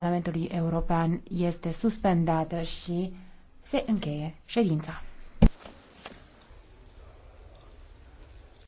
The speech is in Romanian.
Parlamentului European este suspendată și se încheie ședința.